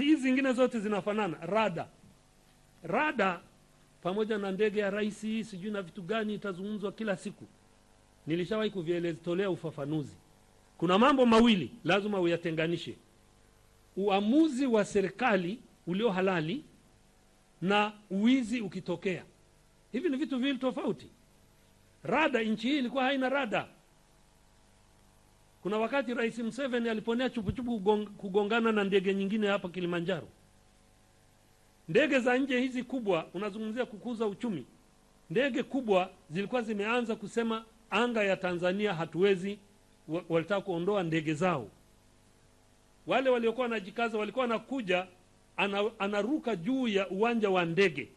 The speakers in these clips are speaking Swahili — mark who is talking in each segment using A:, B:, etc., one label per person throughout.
A: hizi zingine zote zinafanana, rada rada pamoja na ndege ya rais sijui na vitu gani itazungumzwa kila siku. Nilishawahi kuvielezea ufafanuzi. Kuna mambo mawili lazima uyatenganishe: uamuzi wa serikali ulio halali na uwizi ukitokea. Hivi ni vitu viwili tofauti. Rada, nchi hii ilikuwa haina rada kuna wakati Rais Museveni aliponea chupuchupu kugongana na ndege nyingine hapa Kilimanjaro. Ndege za nje hizi kubwa, unazungumzia kukuza uchumi. Ndege kubwa zilikuwa zimeanza kusema anga ya Tanzania hatuwezi, walitaka kuondoa ndege zao. Wale waliokuwa wanajikaza walikuwa wanakuja, anaruka juu ya uwanja wa ndege.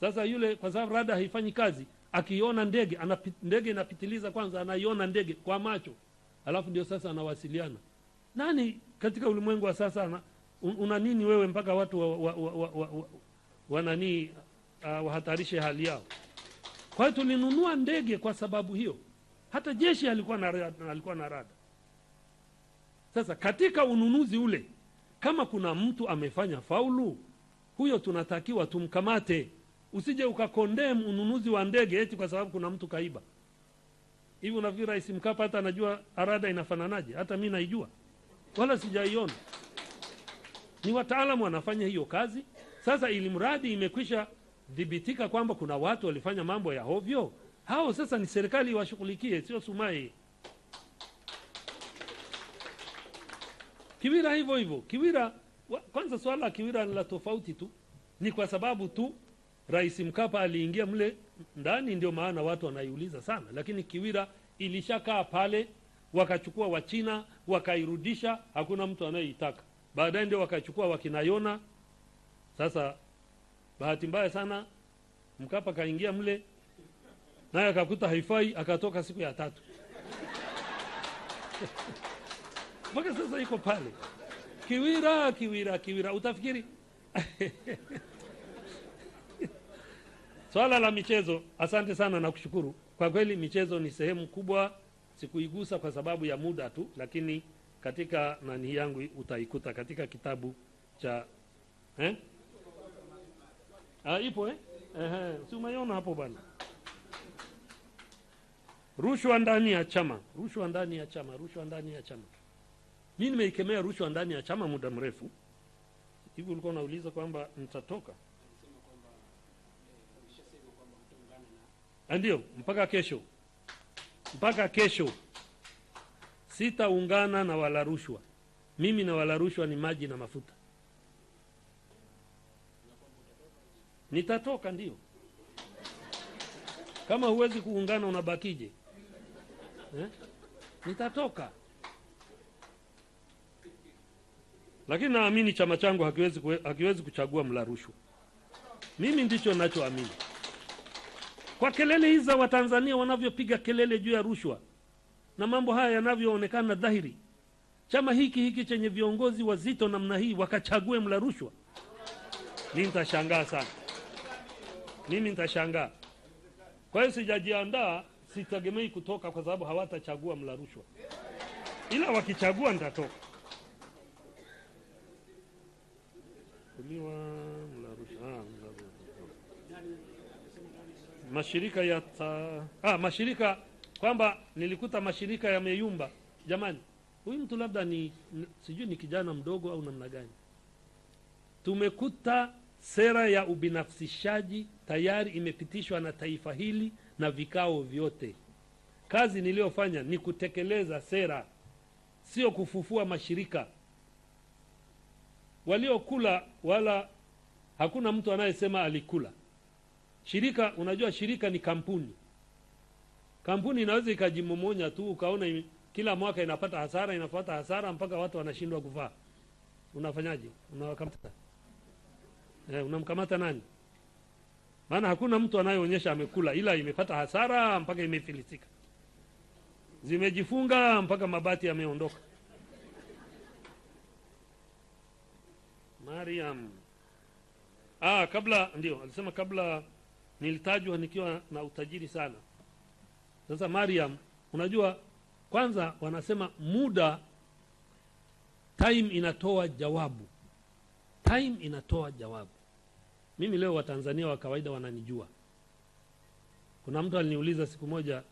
A: Sasa yule, kwa sababu rada haifanyi kazi akiona ndege anapit, ndege inapitiliza kwanza, anaiona ndege kwa macho, alafu ndio sasa anawasiliana. Nani katika ulimwengu wa sasa ana, una nini wewe mpaka watu wa, wa, wa, wa, wa, wa, wananii uh, wahatarishe hali yao? Kwa hiyo tulinunua ndege kwa sababu hiyo. Hata jeshi alikuwa na, alikuwa na rada. Sasa katika ununuzi ule, kama kuna mtu amefanya faulu, huyo tunatakiwa tumkamate usije ukakondem ununuzi wa ndege eti kwa sababu kuna mtu kaiba. Hivi unafikiri Rais Mkapa hata anajua arada inafananaje? Hata mi naijua, wala sijaiona. Ni wataalamu wanafanya hiyo kazi. Sasa ili mradi imekwisha dhibitika kwamba kuna watu walifanya mambo ya hovyo, hao sasa ni serikali iwashughulikie, sio sumai Kiwira hivyo hivyo. Kiwira kwanza, swala la Kiwira ni la tofauti tu, ni kwa sababu tu Rais Mkapa aliingia mle ndani, ndio maana watu wanaiuliza sana, lakini Kiwira ilishakaa pale, wakachukua Wachina wakairudisha, hakuna mtu anayeitaka. Baadaye ndio wakachukua wakinayona Sasa bahati mbaya sana Mkapa kaingia mle naye akakuta haifai, akatoka siku ya tatu mpaka sasa iko pale Kiwira, Kiwira, Kiwira, utafikiri Swala la michezo, asante sana na kushukuru kwa kweli. Michezo ni sehemu kubwa, sikuigusa kwa sababu ya muda tu, lakini katika nani yangu utaikuta katika kitabu cha eh? Ah, ipo eh? Eh, si umeiona hapo bana Rushwa ndani ya chama, rushwa ndani ya chama, rushwa ndani ya chama. mi nimeikemea rushwa ndani ya chama muda mrefu. Hivi ulikuwa unauliza kwamba nitatoka Eh, ndio, mpaka kesho, mpaka kesho sitaungana na wala rushwa. Mimi na wala rushwa ni maji na mafuta. Nitatoka, ndio. Kama huwezi kuungana unabakije eh? Nitatoka, lakini naamini chama changu hakiwezi, hakiwezi kuchagua mla rushwa. Mimi ndicho nachoamini kwa kelele hizi za watanzania wanavyopiga kelele juu ya rushwa na mambo haya yanavyoonekana dhahiri chama hiki hiki chenye viongozi wazito namna hii wakachague mla rushwa mi nitashangaa sana mimi nitashangaa kwa hiyo sijajiandaa sitegemei kutoka kwa sababu hawatachagua mla rushwa ila wakichagua nitatoka mashirika ya ta... ah, mashirika kwamba nilikuta mashirika yameyumba. Jamani, huyu mtu labda ni sijui ni kijana mdogo au namna gani? Tumekuta sera ya ubinafsishaji tayari imepitishwa na taifa hili na vikao vyote. Kazi niliyofanya ni kutekeleza sera, sio kufufua mashirika waliokula, wala hakuna mtu anayesema alikula. Shirika, unajua shirika ni kampuni. Kampuni inaweza ikajimomonya tu, ukaona kila mwaka inapata hasara, inapata hasara mpaka watu wanashindwa kuvaa. Unafanyaje? Unawakamata eh, unamkamata nani? Maana hakuna mtu anayeonyesha amekula, ila imepata hasara mpaka imefilisika, zimejifunga mpaka mabati yameondoka. Mariam, ah, kabla ndio alisema kabla nilitajwa nikiwa na utajiri sana. Sasa Mariam, unajua kwanza wanasema muda time inatoa jawabu, time inatoa jawabu. Mimi leo Watanzania wa kawaida wananijua. Kuna mtu aliniuliza siku moja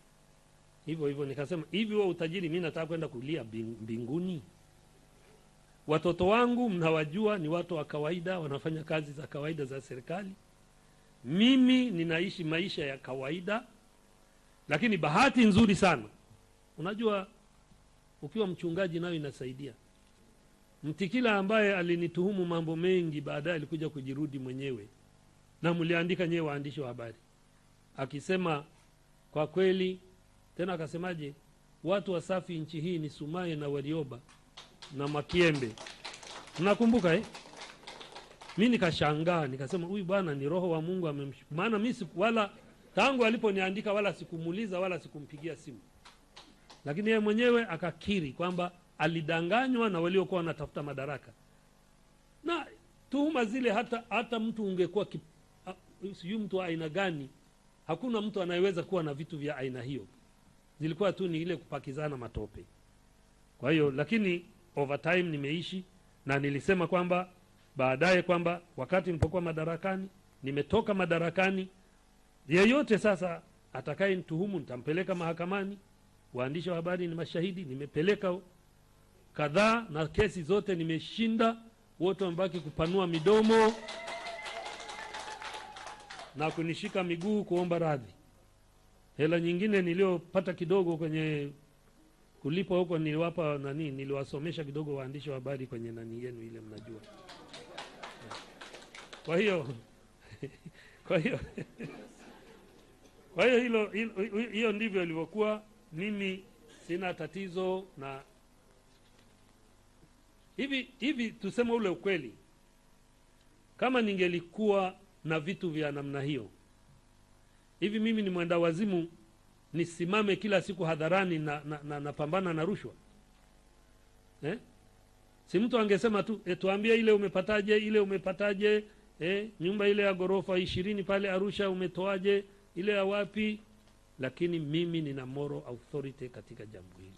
A: hivyo hivyo, nikasema hivi, wewe utajiri, mimi nataka kwenda kulia mbinguni? Watoto wangu mnawajua, ni watu wa kawaida, wanafanya kazi za kawaida za serikali mimi ninaishi maisha ya kawaida, lakini bahati nzuri sana, unajua ukiwa mchungaji nayo inasaidia. Mtikila ambaye alinituhumu mambo mengi, baadaye alikuja kujirudi mwenyewe, na mliandika nyewe waandishi wa habari, akisema kwa kweli tena, akasemaje, watu wasafi nchi hii ni sumae na Warioba na Makiembe, mnakumbuka eh? mi nikashangaa, nikasema huyu bwana ni roho wa Mungu amemshika. Maana mi wala tangu aliponiandika wala sikumuuliza wala sikumpigia simu, lakini yeye mwenyewe akakiri kwamba alidanganywa na waliokuwa wanatafuta madaraka na tuhuma zile. Hata hata mtu ungekuwa sijui mtu wa aina gani, hakuna mtu anayeweza kuwa na vitu vya aina hiyo. Zilikuwa tu ni ile kupakizana matope. Kwa hiyo, lakini over time nimeishi na nilisema kwamba baadaye kwamba wakati nipokuwa madarakani, nimetoka madarakani, yeyote sasa atakaye nituhumu nitampeleka mahakamani. Waandishi wa habari ni mashahidi, nimepeleka kadhaa na kesi zote nimeshinda. Wote wamebaki kupanua midomo na kunishika miguu kuomba radhi. Hela nyingine niliyopata kidogo kwenye kulipa huko niliwapa nani, niliwasomesha kidogo waandishi wa habari kwenye nani yenu ile, mnajua. Kwa hiyo kwa hiyo kwa hiyo hilo hiyo ndivyo ilivyokuwa. Mimi sina tatizo na hivi hivi, tuseme ule ukweli, kama ningelikuwa na vitu vya namna hiyo hivi, mimi ni mwenda wazimu nisimame kila siku hadharani na napambana na, na, na rushwa eh? Si mtu angesema tu e, tuambie ile umepataje, ile umepataje eh, nyumba ile ya ghorofa ishirini pale Arusha umetoaje? Ile ya wapi? Lakini mimi nina moro authority katika jambo hili.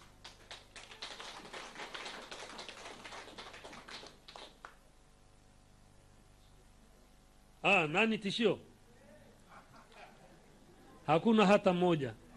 A: Ah, nani tishio? Hakuna hata moja.